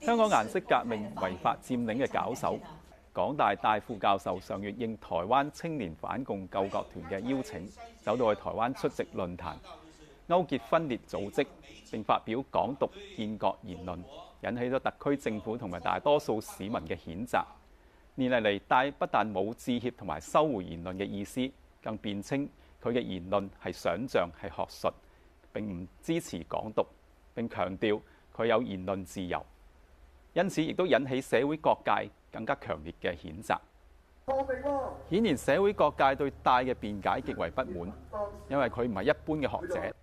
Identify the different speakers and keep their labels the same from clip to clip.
Speaker 1: 香港顏色革命違法佔領嘅搞手，港大戴副教授上月應台灣青年反共救國團嘅邀請，走到去台灣出席論壇，勾結分裂組織，並發表港獨建國言論，引起咗特區政府同埋大多數市民嘅譴責。連日嚟戴不但冇致歉同埋收回言論嘅意思，更辯稱佢嘅言論係想像係學術，並唔支持港獨，並強調，佢有言論自由，因此亦都引起社會各界更加強烈嘅譴責。顯然社會各界對戴嘅辯解極為不滿，因為佢唔係一般嘅學者，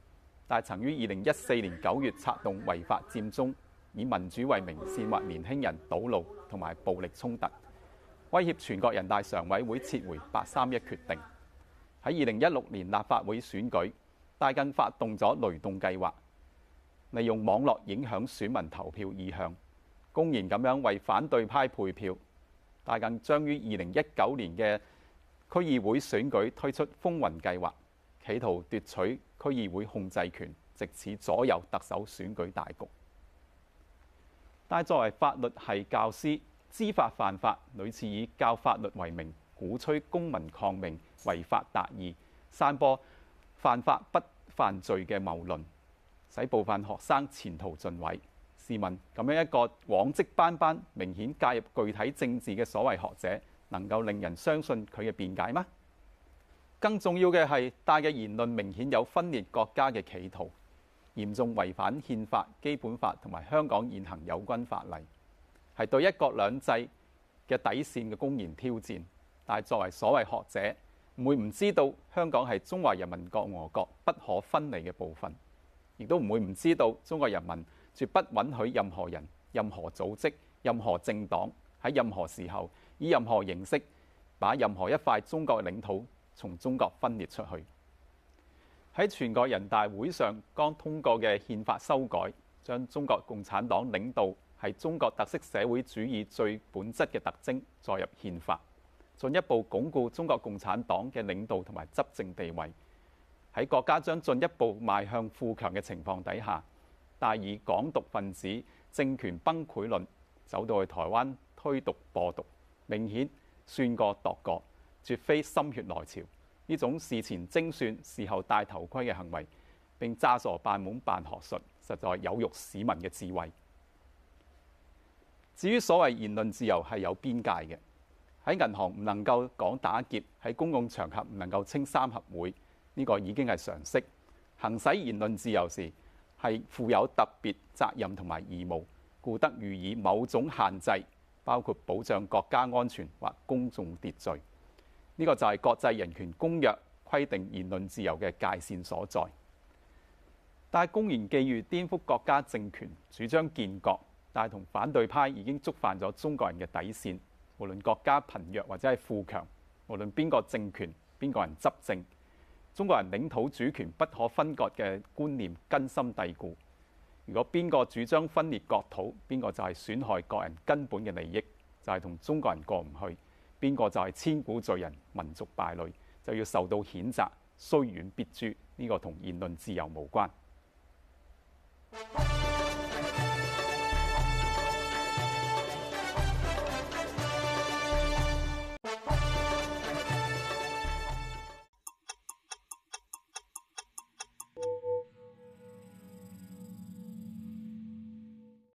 Speaker 1: 但曾於二零一四年九月策動違法佔中，以民主為名煽惑年輕人堵路同埋暴力衝突，威脅全國人大常委會撤回八三一決定。喺二零一六年立法會選舉，戴更發動咗雷動計劃。利用網絡影響選民投票意向，公然咁樣為反對派配票。大近將於二零一九年嘅區議會選舉推出風雲計劃，企圖奪取區議會控制權，藉此左右特首選舉大局。但作為法律系教師，知法犯法，屢次以教法律為名鼓吹公民抗命、違法達義、散播犯法不犯罪嘅謬論。使部分學生前途盡毀。試問咁樣一個往績斑斑、明顯介入具體政治嘅所謂學者，能夠令人相信佢嘅辯解嗎？更重要嘅係，戴嘅言論明顯有分裂國家嘅企圖，嚴重違反憲法、基本法同埋香港現行有關法例，係對一國兩制嘅底線嘅公然挑戰。但係作為所謂學者，唔會唔知道香港係中華人民共和國不可分離嘅部分。亦都唔會唔知道，中國人民絕不允許任何人、任何組織、任何政黨喺任何時候以任何形式把任何一塊中國領土從中國分裂出去。喺全國人大會上剛通過嘅憲法修改，將中國共產黨領導係中國特色社會主義最本質嘅特徵載入憲法，進一步鞏固中國共產黨嘅領導同埋執政地位。喺國家將進一步邁向富強嘅情況底下，帶以港獨分子政權崩潰論走到去台灣推獨播獨，明顯算過度過，絕非心血來潮。呢種事前精算、事後戴頭盔嘅行為，並詐傻扮懵扮學術，實在有辱市民嘅智慧。至於所謂言論自由係有邊界嘅，喺銀行唔能夠講打劫，喺公共場合唔能夠稱三合會。呢個已經係常識。行使言論自由時係負有特別責任同埋義務，故得予以某種限制，包括保障國家安全或公眾秩序。呢個就係國際人權公約規定言論自由嘅界線所在。但係公然嘅如顛覆國家政權、主張建國，但係同反對派已經觸犯咗中國人嘅底線。無論國家貧弱或者係富強，無論邊個政權、邊個人執政。中國人領土主權不可分割嘅觀念根深蒂固。如果邊個主張分裂國土，邊個就係損害國人根本嘅利益，就係、是、同中國人過唔去。邊個就係千古罪人、民族敗類，就要受到譴責，雖遠必誅。呢、這個同言論自由無關。